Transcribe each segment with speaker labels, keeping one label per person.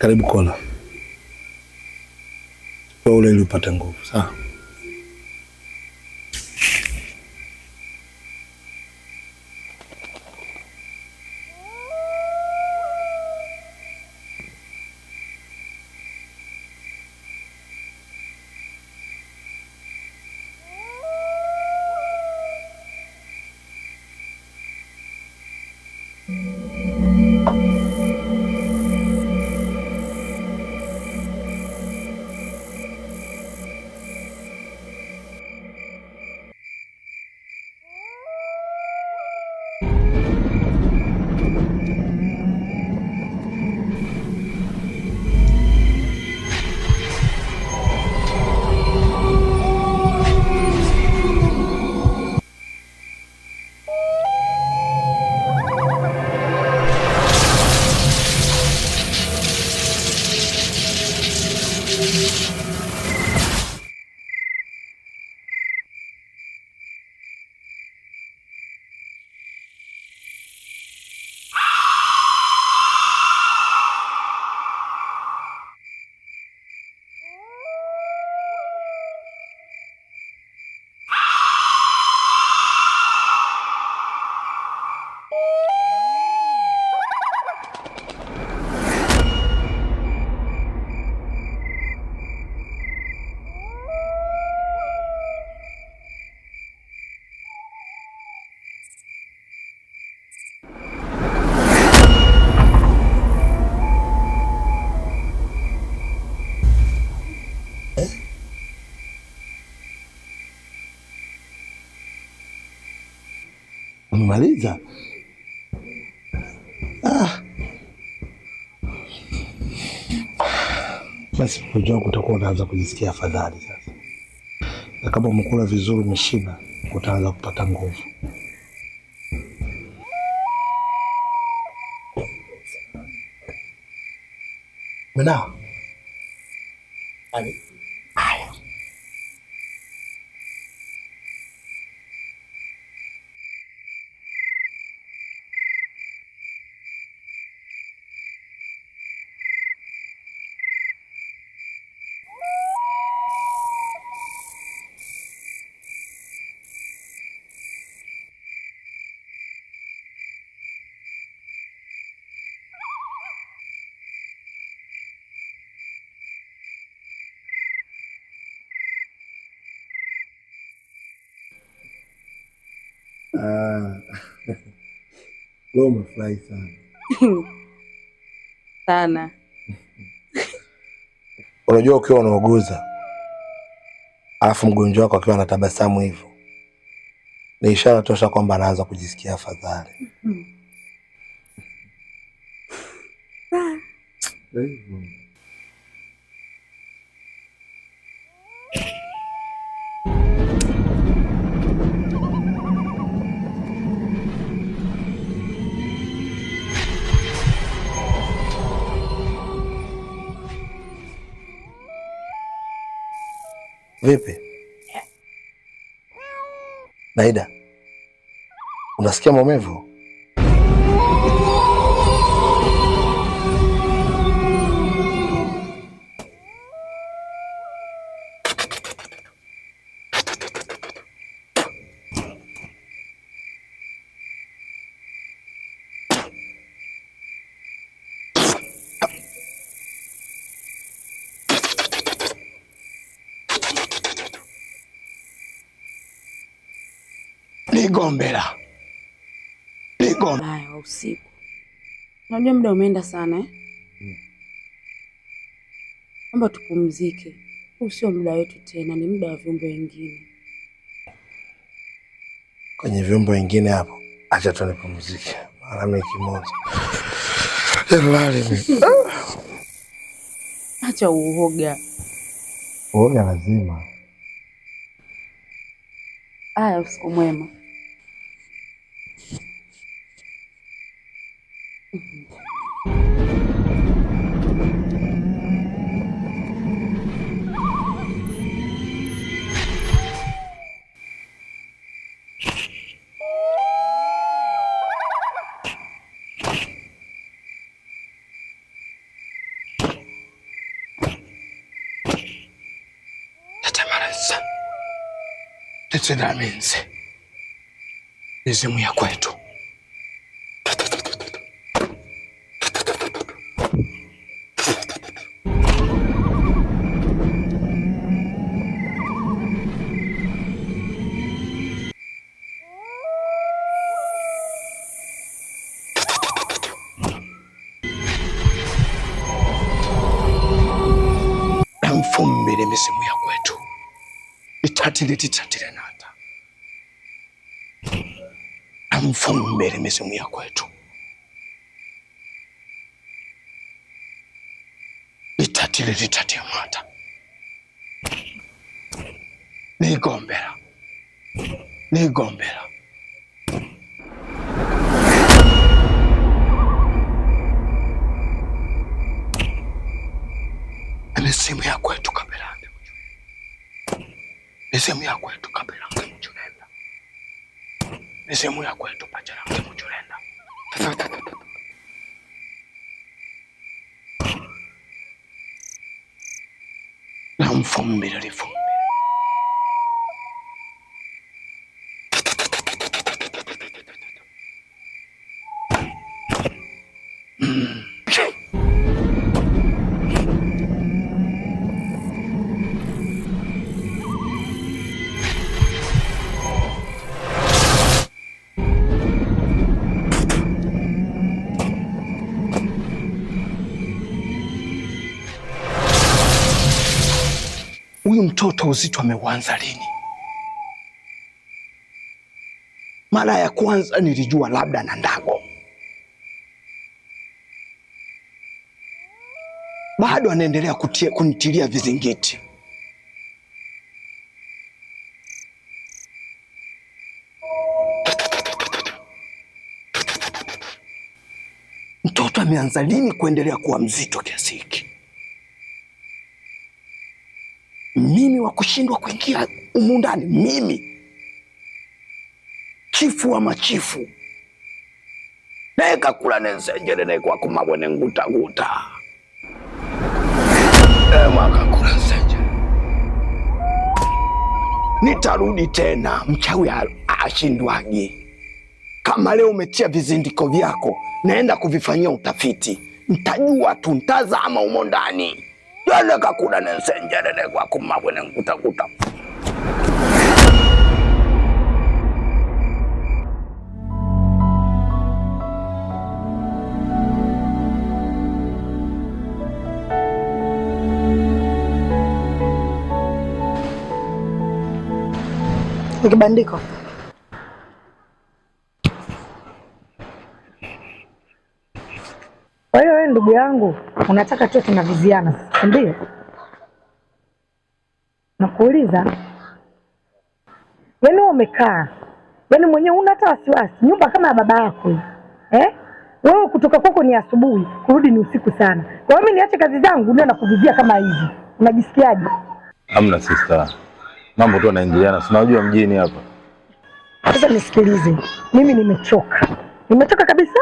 Speaker 1: Karibu kola, kwa ule ili upate nguvu. Sawa. kumaliza. Ah, basi mgonjwa wangu utakuwa unaanza kujisikia afadhali sasa, na kama umekula vizuri umeshiba, utaanza kupata nguvu. Mwanao. Ani. Ah. Leo umefurahi sana sana. Unajua, ukiwa unauguza alafu mgonjwa wako akiwa anatabasamu hivyo ni ishara tosha kwamba anaanza kujisikia afadhali. Mm-hmm. Vipi Naida, unasikia maumivu? Ligombela Ligombela
Speaker 2: usiku. Unajua muda umeenda sana eh? Hmm. Naomba tupumzike, huu sio muda wetu tena, ni muda wa viumbe wengine.
Speaker 1: Kwenye viumbe wengine hapo, acha tu nipumzike mara mimi kimoja.
Speaker 2: Acha uoga,
Speaker 1: uoga lazima.
Speaker 2: Aya, usiku mwema.
Speaker 1: Tutendaminze mizimu ya kwetu mfumbile mizimu ya kwetu itatile titatile mfumbe ya kwetu, litatile litatia mata nigombera nigombela ni sehemu ya kwetu Kaberange, ni ya kwetu Kaberange ni sehemu ya kwetu pachana mtemuchurenda na mfumbiririfu huyu mtoto uzito ameuanza lini? Mara ya kwanza nilijua labda na ndago, bado anaendelea kunitilia vizingiti. Mtoto ameanza lini kuendelea kuwa mzito kiasi hiki? mimi wa kushindwa kuingia humu ndani? Mimi chifu wa machifu nekakula nensenjele nekwakuma ngutaguta emakakula eh, nsenjele nitarudi tena. Mchawi ashindwaje? Kama leo umetia vizindiko vyako, naenda kuvifanyia utafiti, ntajua tu, ntazama humo ndani yalekakula nensenjelele kwakho makwe nenkuthankutha
Speaker 2: nikibandiko ndugu yangu, unataka tuwe tunaviziana sasa, ndio nakuuliza. Yaani wewe umekaa, yaani mwenyewe una hata wasiwasi, nyumba kama ya baba yako eh? Wewe kutoka kwako ni asubuhi, kurudi ni usiku sana. Kwa hiyo mimi niache kazi zangu ndio nakuvizia kama hivi, unajisikiaje?
Speaker 3: Hamna sista, mambo tu yanaingiliana, si unajua mjini hapa.
Speaker 2: Sasa nisikilize, mimi nimechoka, nimechoka kabisa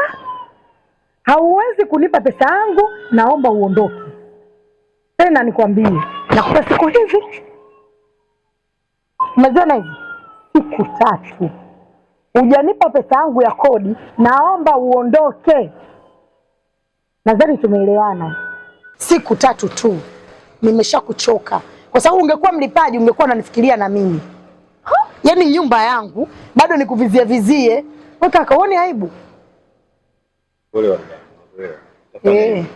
Speaker 2: hauwezi kunipa pesa yangu, naomba uondoke. Tena nikwambie, nakupa siku hizi, umeziona hivi siku tatu, hujanipa pesa yangu ya kodi, naomba uondoke. Nadhani tumeelewana. Siku tatu tu, nimeshakuchoka kwa sababu ungekuwa mlipaji, ungekuwa unanifikiria na mimi huh? Yaani nyumba yangu bado nikuvizia vizie, wewe kaka, uone aibu? Olewa. Verde.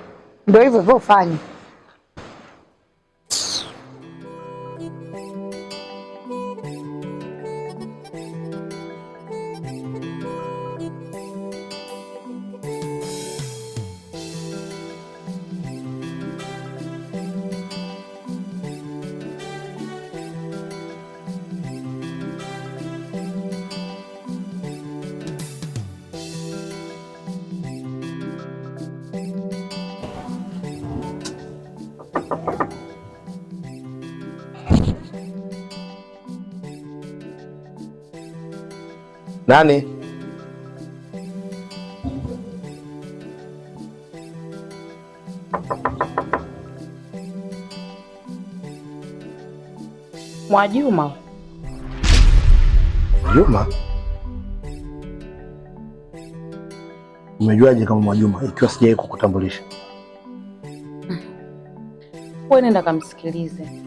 Speaker 2: Dois vovô fani. Nani? Mwajuma.
Speaker 1: Juma? Umejuaje kama Mwajuma ikiwa sijawahi kukutambulisha?
Speaker 2: Wewe nenda kamsikilize.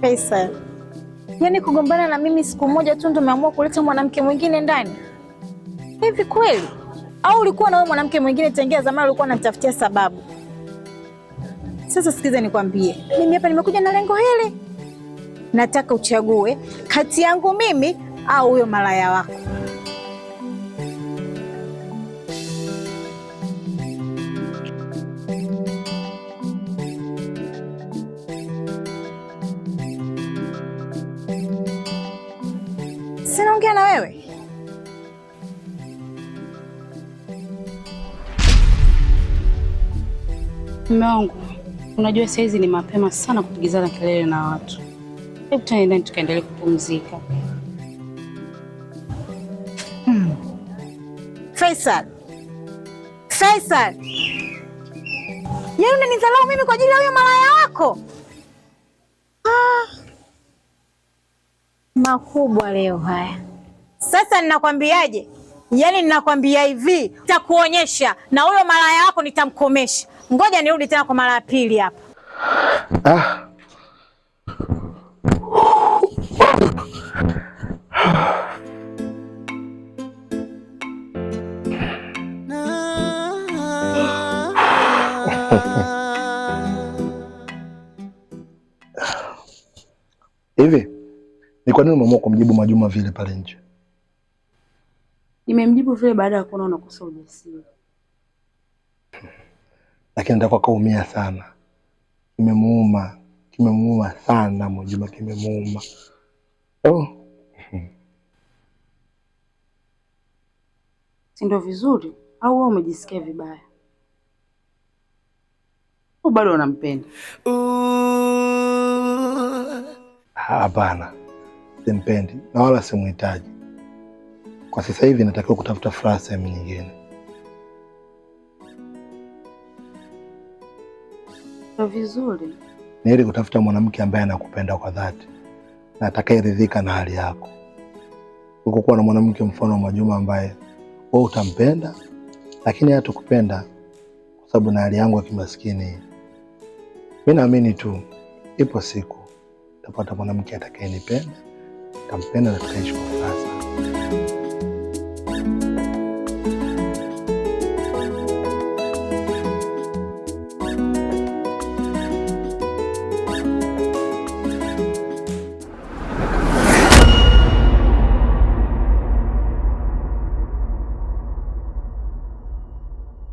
Speaker 2: Faisal. Yaani kugombana na mimi siku moja tu ndo umeamua kuleta mwanamke mwingine ndani? Hivi kweli? Au ulikuwa na wewe mwanamke mwingine tangia zamani, ulikuwa unamtafutia sababu? Sasa sikiza nikwambie, mimi hapa nimekuja na lengo hili. Nataka uchague kati yangu mimi au huyo malaya wako. Mume wangu, unajua saa hizi ni mapema sana kupigizana kelele na watu. Hebu tuende tukaendelee kupumzika. Hmm. Faisal. Faisal. Yaani unanidharau mimi kwa ajili ya huyo malaya wako? Ah. Makubwa leo haya. Sasa ninakwambiaje? Yaani ninakwambia hivi, nitakuonyesha na huyo malaya wako nitamkomesha. Ngoja nirudi tena kwa mara ya pili hapa. Ah.
Speaker 1: Hivi ni kwa nini umeamua kumjibu Majuma vile pale nje?
Speaker 2: Nimemjibu vile baada ya kuona unakosa ujasiri,
Speaker 1: lakini nitakuwa kaumia sana. Kimemuuma, kimemuuma sana Mwajuma, kimemuuma oh.
Speaker 2: Si ndio vizuri? Au wewe umejisikia vibaya? Au bado unampenda?
Speaker 1: Hapana, simpendi na wala simhitaji. Kwa sasa hivi natakiwa kutafuta furaha sehemu nyingine.
Speaker 2: Vizuri
Speaker 1: ni ili kutafuta mwanamke ambaye anakupenda kwa dhati na atakayeridhika na hali yako, ukokuwa na mwanamke mfano wa Mwajuma ambaye wewe utampenda lakini hatakupenda kwa sababu na hali yangu ya kimaskini. Mi naamini tu ipo siku tapata mwanamke atakayenipenda, tampenda na tukaishi kwa furaha.